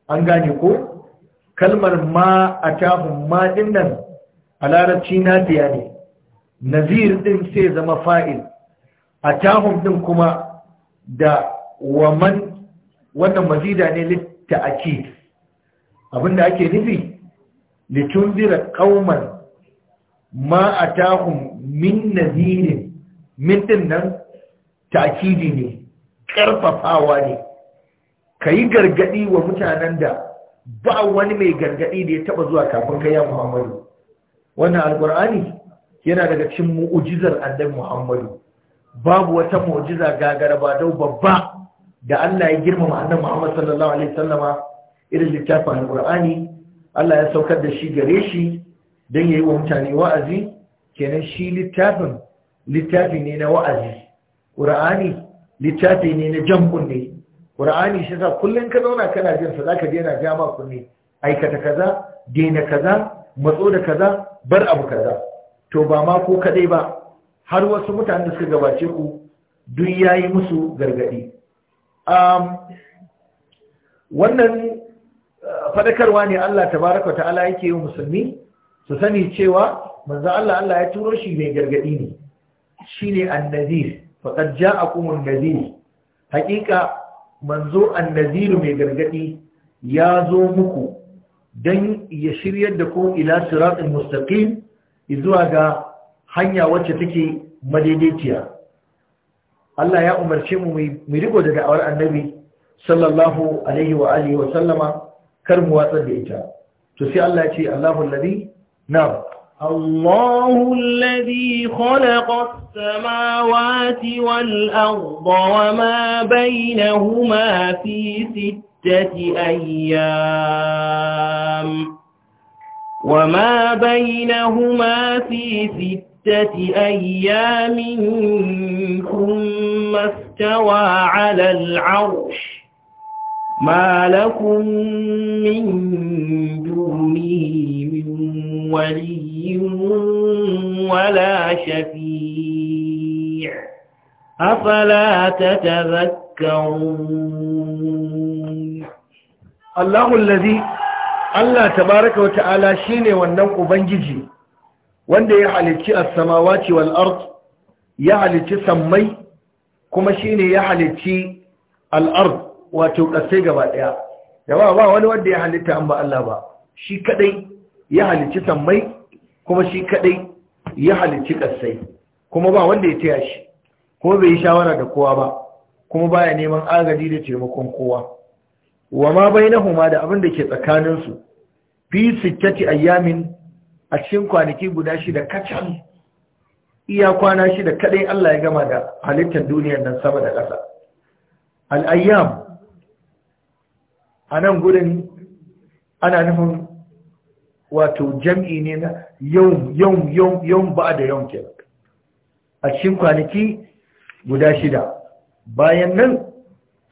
an gane ko kalmar ma a tafin ma ɗin nan a larabci nafiya ne nazir ɗin sai zama fa'il a tafin ɗin kuma da waman wannan mazida ne litta Abin da ake nufi litun zira ƙauman ma a tafin min nazirin min ɗin nan takidi ne ƙarfafawa ne ka yi gargaɗi wa mutanen da ba wani mai gargaɗi da ya taɓa zuwa kafin kai ya muhammadu wannan alƙur'ani yana daga cikin mu'ujizar annabi muhammadu babu wata mu'ujiza gagara ba dau babba da Allah ya girmama annabi muhammad sallallahu alaihi wasallama irin littafin alƙur'ani Allah ya saukar da shi gare shi dan yayi wa mutane wa'azi kenan shi littafin littafi ne na wa'azi ƙura'ani littafi ne na jan kunne ƙura'ani shi sa kullum ka zauna kana jin sa ka daina ja ma kunne aikata kaza daina kaza matso da kaza bar abu kaza to ba ma ko kadai ba har wasu mutane da suka gabace ku duk yayi musu gargadi wannan uh, fadakarwa ne Allah tabaraka ta'ala yake yi musulmi su sani cewa manzo Allah Allah ya turo shi mai gargaɗi ne shi ne annazir faqad a an-nadhir haqiqa manzo an-nadhir mai gargadi ya zo muku dan ya shiryar da ku ila siratal mustaqim zuwa ga hanya wacce take madaidaiciya Allah ya umarce mu mu riko da da'awar annabi sallallahu alaihi wa alihi wa sallama kar mu watsar da ita to sai Allah ya ce Allahu alladhi na'am الله الذي خلق السماوات والأرض وما بينهما في ستة أيام وما بينهما في ستة أيام ثم استوى على العرش ما لكم من دونه ولي ولا شفيع أفلا تتذكرون الله الذي wa ta'ala shi ne wannan ubangiji, wanda ya halicci as-samawati wal ya halicci sammai kuma ne ya halicci al wato ƙasai gaba daya Yawa ba wani wanda ya halitta an ba Allah ba shi kaɗai. ya halicci sammai kuma shi kadai ya halicci kasai kuma ba wanda ya taya shi Ko bai yi shawara da kowa ba kuma baya neman agaji da taimakon kowa wa ma huma da abin da ke tsakanin su fi sittati ayyamin a cikin kwanaki guda shida kacal iya kwana da kadai Allah ya gama da halittar duniyar nan sama da ƙasa al a nan gurin ana nufin wato jam'i ne na yawm ba da yawm ke a cikin kwanaki guda shida bayan nan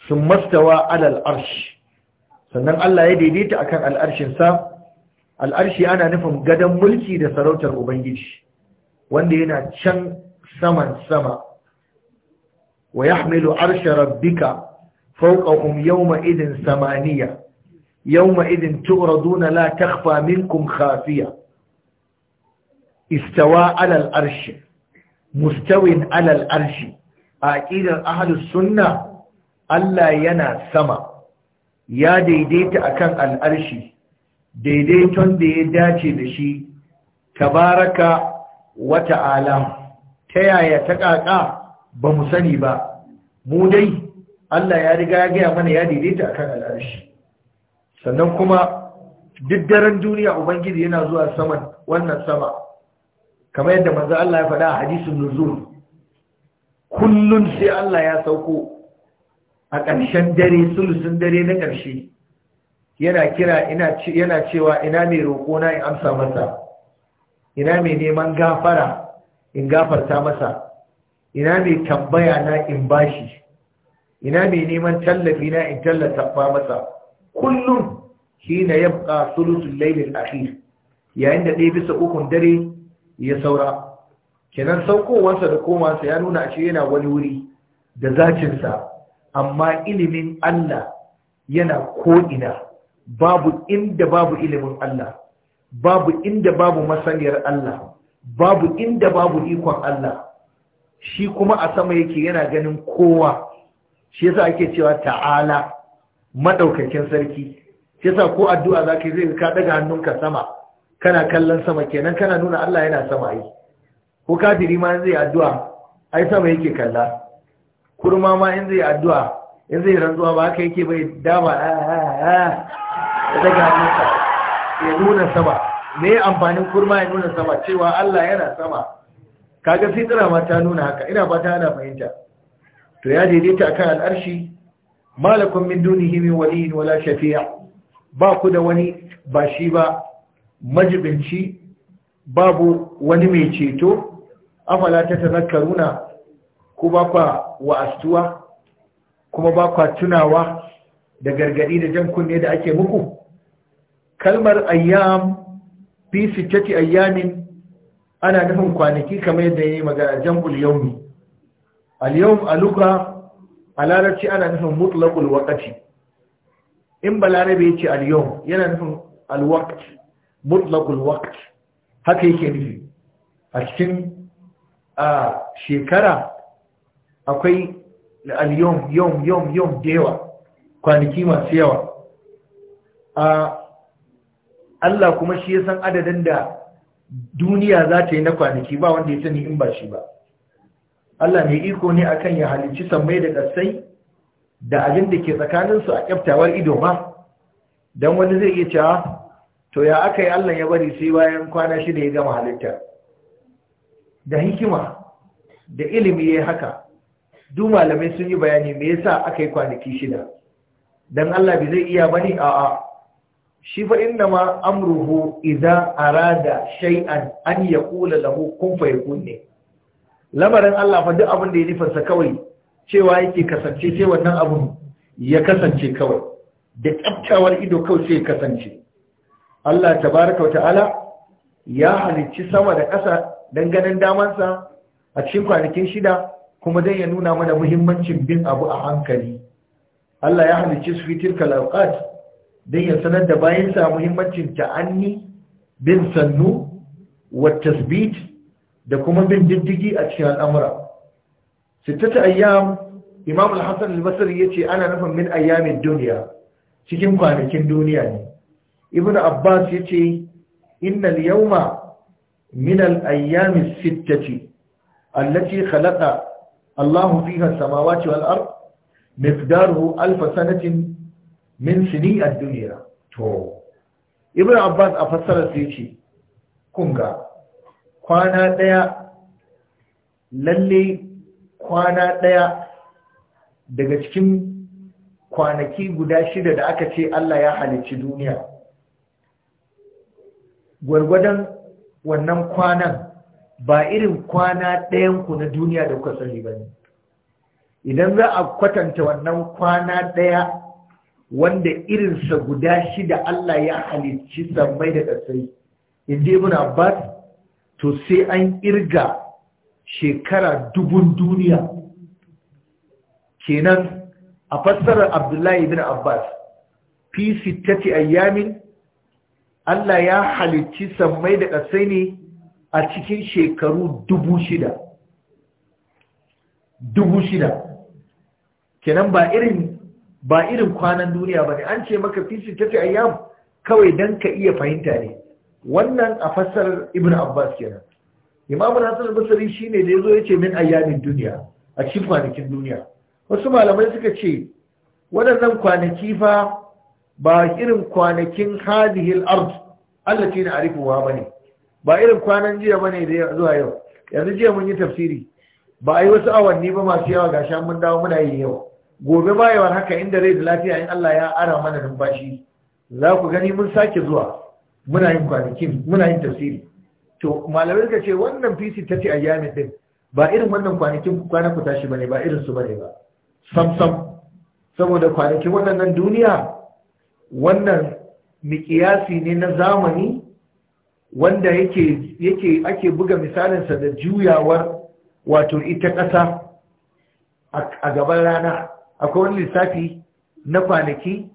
sun mastawa alal arsh sannan Allah ya daidaita akan al'arshinsa. al'arshi ana nufin gadon mulki da sarautar ubangiji wanda yana can saman sama wa yahmilu arsha rabbika fawqahum yawma idin samaniya yawma idin tu'raduna la takhfa minkum kafiya. istawa ala arshi, mustawin ala arshi arsh aqidar ahlus sunna Allah yana sama ya daidaita akan al-arshi daidaiton da ya dace da shi tabaraka wata ala ta yaya ta ƙaƙa ba mu sani ba mu dai Allah ya riga ya gaya mana ya daidaita akan al'arshi sannan kuma duk daren duniya ubangiji yana zuwa saman wannan sama kamar yadda manzo Allah ya faɗa a hadisin nuzul kullun sai Allah ya sauko a ƙarshen dare sulusun dare na ƙarshe yana kira yana cewa ina mai roƙo na in amsa masa ina mai neman gafara in gafarta masa ina mai tambaya na in bashi ina mai neman tallafi na in tallata masa kullum hina ya thuluthul sulutun laifin ahir yayin da ɗaya bisa ukun dare ya saura kenan saukowarsa da komasa ya nuna ashe yana wani wuri da zacinsa amma ilimin Allah yana ko'ina babu inda babu ilimin Allah babu inda babu masaniyar Allah babu inda babu ikon Allah shi kuma a sama yake yana ganin kowa shi yasa ake cewa ta'ala madaukakin sarki yasa ko addu'a zaka yi zai ka daga hannunka sama kana kallon sama kenan kana nuna Allah yana sama yi ko kafiri ma in zai addu'a ai sama yake kalla kurma ma in zai addu'a in zai rantsuwa ba haka yake bai dama ah, ah, ah, a daga hannunka ya nuna sama me amfanin kurma ya nuna sama cewa Allah yana sama kaga fitira ma ta nuna haka ina fata ana fahimta to ya daidaita akan al'arshi malakun min dunihi min waliyin wala shafi'a ba ku da wani ba shi ba majibinci babu wani mai ceto afala ta tazakkaruna ku ba kwa wa'astuwa kuma ba kwa tunawa da gargadi da jan kunne da ake muku kalmar ayyam fi sittati ayyamin ana nufin kwanaki kamar yadda yayi magana jam'ul yawmi al-yawm aluka a larabci ana nufin mutlaƙul waƙati. in balarabe ya ce aliyon yana nufin al mutlaƙul waƙati. haka yake nufi a cikin a shekara akwai aliyon yom yom yom yawa, dewa kwanaki masu yawa a Allah kuma shi ya san adadin da duniya za ta yi na kwanaki ba wanda ya sani in ba shi ba Allah mai iko ne akan ya halicci sammai da ƙasai da abin da ke tsakaninsu a kyaftawar ido ba, don wani zai iya cewa to ya aka yi Allah ya bari sai bayan kwana shida ya gama halitta da hikima da ilimi ya haka duk malamai sun yi bayani me yasa aka yi kwanaki shida don Allah bai zai iya a a shi fa inda ma amruhu idan arada shaian an ya kula lahu kun ya ne lamarin Allah fa duk abin da ya sa kawai cewa yake kasance sai wannan abun ya kasance kawai da tsaftawar ido kawai sai ya kasance Allah tabaraka wata'ala ya halicci sama da ƙasa dan ganin damansa a cikin kwanakin shida kuma dan ya nuna mana muhimmancin bin abu a hankali Allah ya halicci su fitir kalaqat don ya sanar da bayansa muhimmancin ta'anni bin sannu wa tasbit da kuma bin diddigi a cikin al'amura sittata ayyam imam al-hasan al-basri yace ana nufin min ayyamin duniya cikin kwanakin duniya ne ibn abbas yace inna yawma min al-ayyam sittati allati khalaqa Allahu fiha as-samawati wal-ard miqdaruhu sanatin min sini a duniya? to ibn abbas a fassara sai yace kunga kwana ɗaya lalle kwana ɗaya daga cikin kwanaki guda shida da aka ce Allah ya halicci duniya gwargwadon wannan kwanan ba irin kwana ɗayanku na duniya da kuka sani ba idan za a kwatanta wannan kwana ɗaya wanda irinsa guda shida Allah ya halicci sammai da ƙasai inda ibn Abbas to sai an irga shekara dubun duniya kenan a fassarar abdullahi bin abbas fi sittati ayyamin Allah ya halicci sammai da ƙasai ne a cikin shekaru dubu shida dubu shida kenan ba irin ba irin kwanan duniya ba ne an ce maka fi sittati ayyam kawai don ka iya fahimta ne wannan a fassarar ibn abbas kenan imamun hassan al-basri shine da yazo ce min ayyamin duniya a cikin kwanakin duniya wasu malamai suka ce waɗannan kwanaki fa ba irin kwanakin hadihil ard allati na arifuwa bane ba irin kwanan jiya bane da zuwa yau yanzu jiya mun yi tafsiri ba a yi wasu awanni ba masu yawa gashi mun dawo muna yi yau gobe bayawar haka inda rai da lafiya in Allah ya ara mana numfashi za ku gani mun sake zuwa muna yin kwanakin muna yin tafsiri to malamai suka ce wannan fisi ta ce a ayyami din ba irin wannan kwanakin kwana ku tashi bane ba irin su bane ba sam sam saboda kwanakin waɗannan duniya wannan miƙiyasi ne na zamani wanda yake yake ake buga misalinsa da juyawar wato ita ƙasa a gaban rana akwai wani lissafi na kwanaki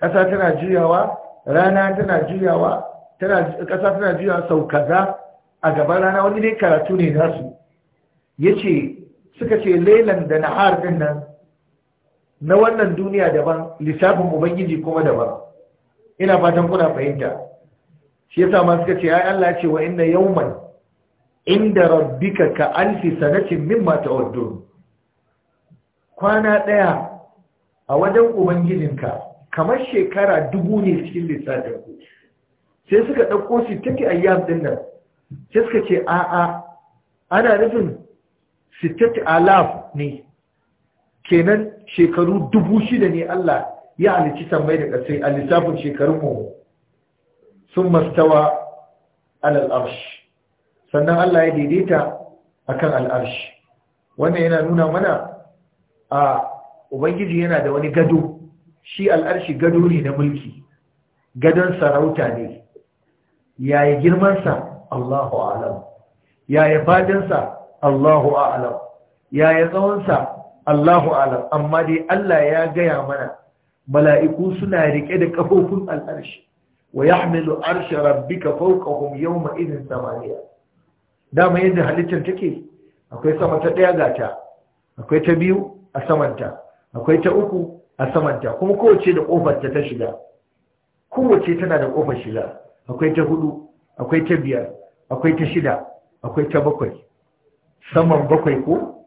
ƙasa tana juyawa rana tana juyawa ƙasa tana juyawa sau kaza a gaban rana wani ne karatu ne nasu ce, suka ce lailan da na din nan na wannan duniya daban lissafin ubangiji kuma daban ina fatan kuna fahimta shi yasa ma suka ce ya Allah ce wa inna yawman inda rabbika ka alfi sanatin mimma ta'uddun kwana daya a wajen ubangijinka kamar shekara dubu ne cikin lissafin ku sai suka ɗauko sitati take ayyam ɗin nan sai suka ce a'a ana nufin sittati alaf ne kenan shekaru dubu shida ne Allah ya halici sammai da ƙasai a lissafin shekarun mu sun mastawa alal sannan Allah ya daidaita akan al arsh wannan yana nuna mana a ubangiji yana da wani gado shi al'arshi gado ne na mulki gadon sarauta ne yaya girmansa Allahu alam yaya fadansa Allahu alam yaya tsawonsa Allahu alam amma dai Allah ya gaya mana mala'iku suna riƙe da ƙafofin al'arshi wa yahmilu arshi rabbika fawqahum yawma idhin samaniya dama yadda halittar take akwai sama ta ɗaya gata akwai ta biyu a samanta akwai ta uku a samanta kuma kowace da kofar ta ta shiga kowace tana da kofar shiga akwai ta hudu akwai ta biyar akwai ta shida akwai ta bakwai saman bakwai ko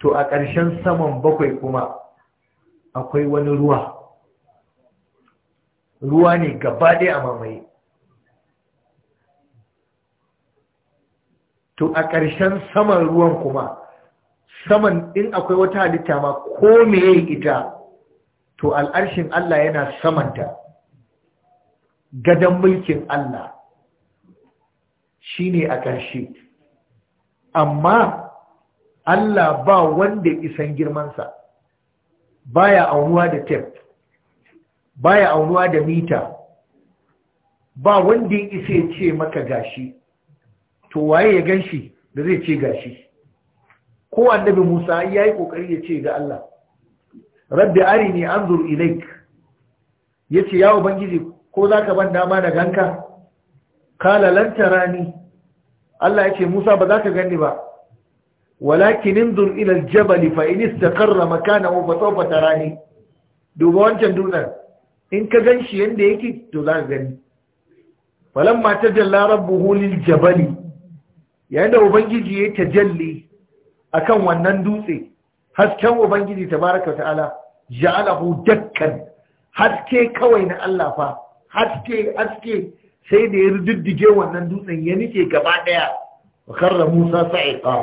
to a ƙarshen saman bakwai kuma akwai wani ruwa ruwa ne gaba ɗaya a mamaye to a ƙarshen saman ruwan kuma saman in akwai wata halitta ma ko me ita to al'arshin Allah yana samanta gadon mulkin Allah shine a ƙarshe amma Allah ba wanda isan girmansa baya aunuwa da tef baya aunuwa da mita ba wanda ya isa ce maka gashi to waye ya ganshi da zai ce gashi ko annabi Musa ya yi ƙoƙari ya ce ga Allah rabbi arini anzur ilaik yace ya ubangiji ko zaka ban dama da ganka kala lan tarani Allah yace Musa ba ka gani ba walakin inzur ila aljabal fa in istaqarra makanahu fa sawfa tarani duba wancan dunar in ka ganshi yanda yake to zaka gani falamma tajalla rabbuhu liljabali yayin da ubangiji ya tajalli akan wannan dutse hasken ubangiji tabaraka ta'ala ja'alahu dakkan haske kawai na Allah fa haske haske sai da ya rididdige wannan dutsen ya nike gaba daya wa karra Musa sa'iqa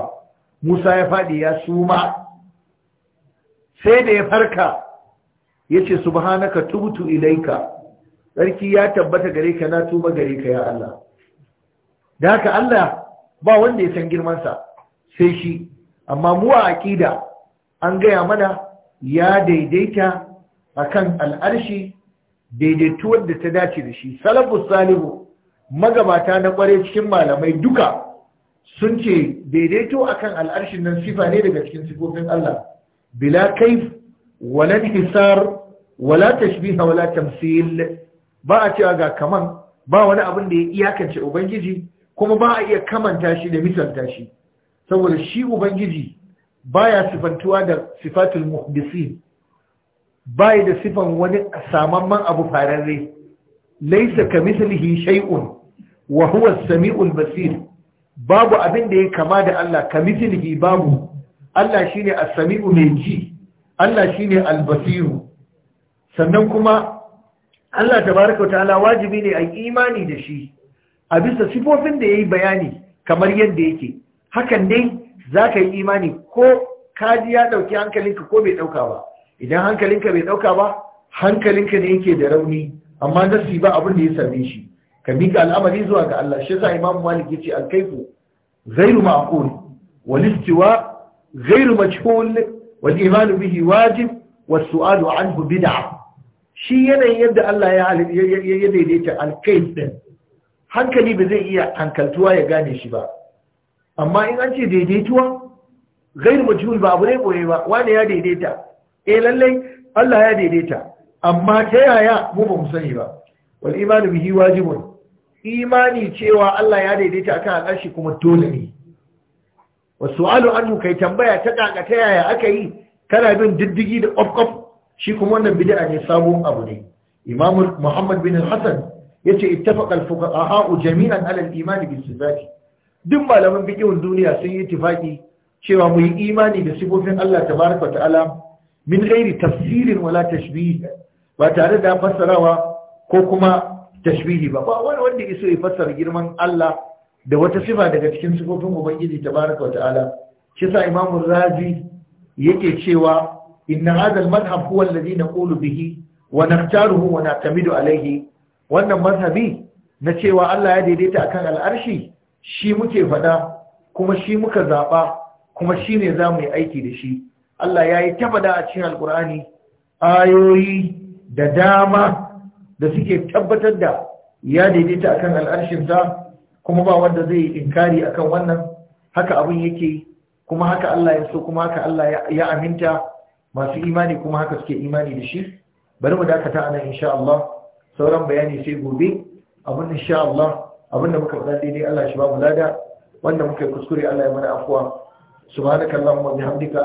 Musa ya fadi ya suma sai da ya farka yace subhanaka tubtu ilaika sarki ya tabbata gare ka na tuba gare ka ya Allah da haka Allah ba wanda ya san girmansa sai shi amma mu a aƙida an gaya mana ya daidaita a kan al'arshi daidaituwar da ta dace da shi salafus salihu magabata na kware cikin malamai duka sun ce daidaito a kan al'arshin nan sifa ne daga cikin sifofin Allah bila kaif walan hisar wala tashbiha wala tamsil ba a cewa ga kaman ba wani abin da ya iyakance ubangiji kuma ba a iya kamanta shi da misalta shi saboda shi ubangiji baya sifantuwa da sifatul muhdisin bai da sifan wani samamman abu fararre laisa mislihi shay'un wa huwa as-sami'ul basir babu abin da ya kama da Allah Ka mislihi babu Allah shine as-sami'u mai ji Allah shine al-basiru sannan kuma Allah tabaraka ta'ala wajibi ne a imani da shi a bisa sifofin da yayi bayani kamar yadda yake hakan dai za ka yi imani ko kaji ya ɗauki hankalinka ko bai ɗauka ba idan hankalinka bai ɗauka ba hankalinka ne yake da rauni amma nasi ba abin da ya same shi ka miƙa al'amari zuwa ga Allah shi yasa Imam Malik yace al-kayfu ghayru ma'qul wal istiwa ghayru majhul wal iman bihi wajib was su'al anhu bid'ah shi yanayin yadda Allah ya ya daidaita al-kayf din hankali ba zai iya hankaltuwa ya gane shi ba amma in an ce daidaituwa gairu majhul ba abu ne koye ba wani ya daidaita eh lallai Allah ya daidaita amma ta yaya mu ba mu sani ba wal imanu bihi wajibun imani cewa Allah ya daidaita akan al'arshi kuma dole ne wasu alu anhu kai tambaya ta kaka ta yaya aka yi kana bin diddigi da kwaf shi kuma wannan bid'a ne sabon abu ne imamu muhammad bin hassan yace ittafaqa al-fuqaha jami'an ala al-iman bis-sifati duk malaman bikin duniya sun yi tifaki cewa mu yi imani da sifofin Allah tabaraka ta'ala min ghairi tafsirin wala tashbihi ba tare da fassarawa ko kuma tashbihi ba ba wani wanda so ya fassara girman Allah da wata sifa daga cikin sifofin ubangiji tabaraka ta'ala shi sa imamu razi yake cewa inna hadha al-madhhab huwa alladhi naqulu bihi wa nakhtaruhu wa na'tamidu alayhi wannan mazhabi na cewa Allah ya daidaita akan al'arshi shi muke faɗa kuma shi muka zaɓa kuma shi ne za mu yi aiki da shi Allah ya yi ta a cikin alkur'ani ayoyi da dama da suke tabbatar da ya daidaita akan al'arshinsa kuma ba wanda zai inkari akan wannan haka abin yake kuma haka Allah ya so kuma haka Allah ya aminta masu imani kuma haka suke imani da shi bari mu dakata a nan insha Allah sauran bayani sai gobe abin insha Allah abinda muka faɗa daidai Allah shi ba mu lada wanda muka yi kuskure Allah ya mana afuwa subhanakallahumma bihamdika